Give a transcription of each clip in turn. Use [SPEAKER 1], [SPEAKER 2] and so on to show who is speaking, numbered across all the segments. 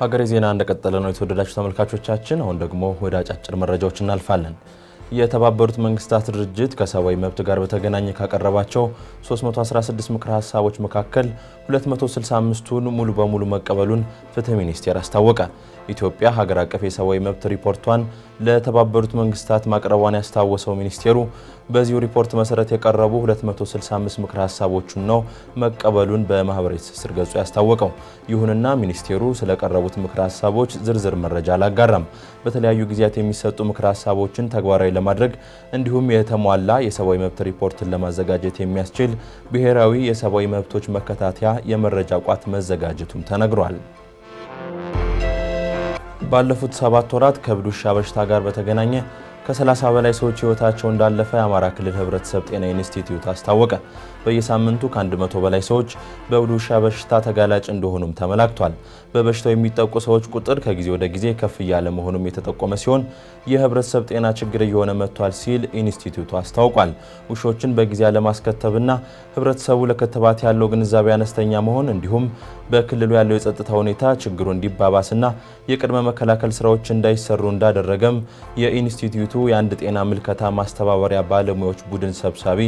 [SPEAKER 1] ሀገሬ ዜና እንደቀጠለ ነው። የተወደዳችሁ ተመልካቾቻችን፣ አሁን ደግሞ ወደ አጫጭር መረጃዎች እናልፋለን። የተባበሩት መንግስታት ድርጅት ከሰብአዊ መብት ጋር በተገናኘ ካቀረባቸው 316 ምክረ ሀሳቦች መካከል 265ቱን ሙሉ በሙሉ መቀበሉን ፍትህ ሚኒስቴር አስታወቀ። ኢትዮጵያ ሀገር አቀፍ የሰብአዊ መብት ሪፖርቷን ለተባበሩት መንግስታት ማቅረቧን ያስታወሰው ሚኒስቴሩ በዚሁ ሪፖርት መሰረት የቀረቡ 265 ምክረ ሀሳቦቹን ነው መቀበሉን በማህበራዊ ትስስር ገጹ ያስታወቀው። ይሁንና ሚኒስቴሩ ስለቀረቡት ምክረ ሀሳቦች ዝርዝር መረጃ አላጋራም። በተለያዩ ጊዜያት የሚሰጡ ምክረ ሀሳቦችን ተግባራዊ ለማድረግ እንዲሁም የተሟላ የሰብአዊ መብት ሪፖርትን ለማዘጋጀት የሚያስችል ብሔራዊ የሰብአዊ መብቶች መከታተያ የመረጃ ቋት መዘጋጀቱም ተነግሯል። ባለፉት ሰባት ወራት ከብዱሻ በሽታ ጋር በተገናኘ ከ30 በላይ ሰዎች ህይወታቸው እንዳለፈ የአማራ ክልል ህብረተሰብ ጤና ኢንስቲትዩት አስታወቀ። በየሳምንቱ ከ100 በላይ ሰዎች በእብድ ውሻ በሽታ ተጋላጭ እንደሆኑም ተመላክቷል። በበሽታው የሚጠቁ ሰዎች ቁጥር ከጊዜ ወደ ጊዜ ከፍ እያለ መሆኑም የተጠቆመ ሲሆን የህብረተሰብ ጤና ችግር እየሆነ መጥቷል ሲል ኢንስቲትዩቱ አስታውቋል። ውሾችን በጊዜ አለማስከተብና ህብረተሰቡ ለክትባት ያለው ግንዛቤ አነስተኛ መሆን እንዲሁም በክልሉ ያለው የጸጥታ ሁኔታ ችግሩ እንዲባባስና የቅድመ መከላከል ስራዎች እንዳይሰሩ እንዳደረገም የኢንስቲትዩቱ የአንድ ጤና ምልከታ ማስተባበሪያ ባለሙያዎች ቡድን ሰብሳቢ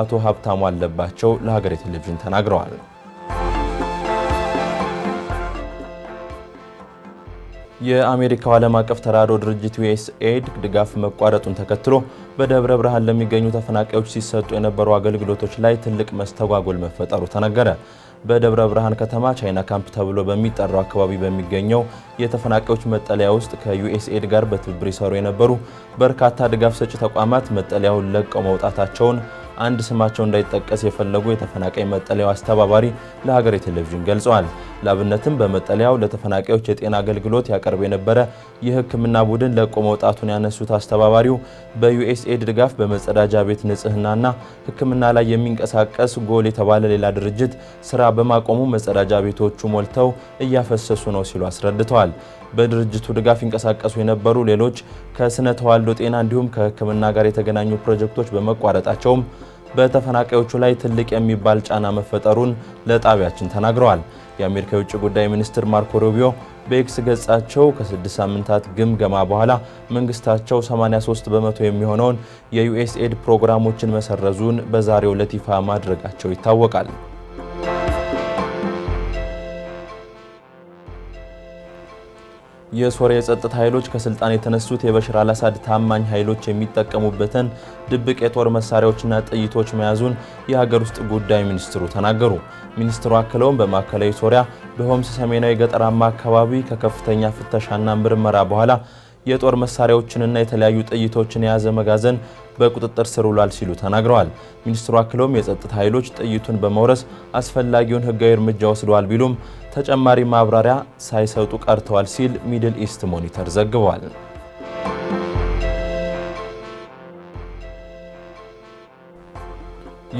[SPEAKER 1] አቶ ሀብታሙ አለባቸው ለሀገሬ ቴሌቪዥን ተናግረዋል። የአሜሪካው ዓለም አቀፍ ተራድኦ ድርጅት ዩኤስኤድ ድጋፍ መቋረጡን ተከትሎ በደብረ ብርሃን ለሚገኙ ተፈናቃዮች ሲሰጡ የነበሩ አገልግሎቶች ላይ ትልቅ መስተጓጎል መፈጠሩ ተነገረ። በደብረ ብርሃን ከተማ ቻይና ካምፕ ተብሎ በሚጠራው አካባቢ በሚገኘው የተፈናቃዮች መጠለያ ውስጥ ከዩኤስኤድ ጋር በትብብር ይሰሩ የነበሩ በርካታ ድጋፍ ሰጪ ተቋማት መጠለያውን ለቀው መውጣታቸውን አንድ ስማቸው እንዳይጠቀስ የፈለጉ የተፈናቃይ መጠለያው አስተባባሪ ለሀገሬ ቴሌቪዥን ገልጸዋል። ለአብነትም በመጠለያው ለተፈናቃዮች የጤና አገልግሎት ያቀርብ የነበረ የሕክምና ቡድን ለቆ መውጣቱን ያነሱት አስተባባሪው በዩኤስኤድ ድጋፍ በመጸዳጃ ቤት ንጽህናና ሕክምና ላይ የሚንቀሳቀስ ጎል የተባለ ሌላ ድርጅት ስራ በማቆሙ መጸዳጃ ቤቶቹ ሞልተው እያፈሰሱ ነው ሲሉ አስረድተዋል። በድርጅቱ ድጋፍ ይንቀሳቀሱ የነበሩ ሌሎች ከስነ ተዋልዶ ጤና እንዲሁም ከሕክምና ጋር የተገናኙ ፕሮጀክቶች በመቋረጣቸውም በተፈናቃዮቹ ላይ ትልቅ የሚባል ጫና መፈጠሩን ለጣቢያችን ተናግረዋል። የአሜሪካ የውጭ ጉዳይ ሚኒስትር ማርኮ ሩቢዮ በኤክስ ገጻቸው ከስድስት ሳምንታት ግምገማ በኋላ መንግስታቸው 83 በመቶ የሚሆነውን የዩኤስኤድ ፕሮግራሞችን መሰረዙን በዛሬው ዕለት ይፋ ማድረጋቸው ይታወቃል። የሶሪያ የጸጥታ ኃይሎች ከስልጣን የተነሱት የበሽር አላሳድ ታማኝ ኃይሎች የሚጠቀሙበትን ድብቅ የጦር መሳሪያዎችና ጥይቶች መያዙን የሀገር ውስጥ ጉዳይ ሚኒስትሩ ተናገሩ። ሚኒስትሩ አክለውም በማዕከላዊ ሶሪያ በሆምስ ሰሜናዊ ገጠራማ አካባቢ ከከፍተኛ ፍተሻና ምርመራ በኋላ የጦር መሳሪያዎችንና የተለያዩ ጥይቶችን የያዘ መጋዘን በቁጥጥር ስር ውሏል ሲሉ ተናግረዋል። ሚኒስትሩ አክለውም የጸጥታ ኃይሎች ጥይቱን በመውረስ አስፈላጊውን ሕጋዊ እርምጃ ወስደዋል ቢሉም ተጨማሪ ማብራሪያ ሳይሰጡ ቀርተዋል ሲል ሚድል ኢስት ሞኒተር ዘግቧል።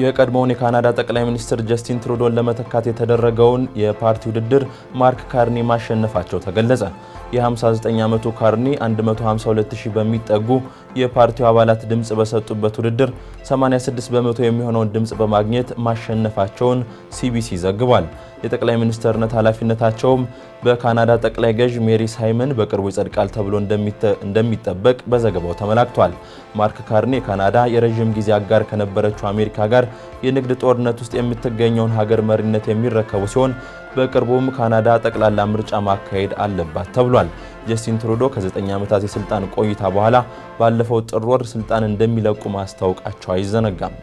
[SPEAKER 1] የቀድሞውን የካናዳ ጠቅላይ ሚኒስትር ጀስቲን ትሩዶን ለመተካት የተደረገውን የፓርቲ ውድድር ማርክ ካርኒ ማሸነፋቸው ተገለጸ። የ59 ዓመቱ ካርኒ 152,000 በሚጠጉ የፓርቲው አባላት ድምፅ በሰጡበት ውድድር 86 በመቶ የሚሆነውን ድምፅ በማግኘት ማሸነፋቸውን ሲቢሲ ዘግቧል። የጠቅላይ ሚኒስትርነት ኃላፊነታቸውም በካናዳ ጠቅላይ ገዥ ሜሪ ሳይመን በቅርቡ ይጸድቃል ተብሎ እንደሚጠበቅ በዘገባው ተመላክቷል። ማርክ ካርኔ ካናዳ የረዥም ጊዜ አጋር ከነበረችው አሜሪካ ጋር የንግድ ጦርነት ውስጥ የምትገኘውን ሀገር መሪነት የሚረከቡ ሲሆን በቅርቡም ካናዳ ጠቅላላ ምርጫ ማካሄድ አለባት ተብሏል። ጀስቲን ትሩዶ ከ9 ዓመታት የስልጣን ቆይታ በኋላ ባለፈው ጥር ወር ስልጣን እንደሚለቁ ማስታወቃቸው አይዘነጋም።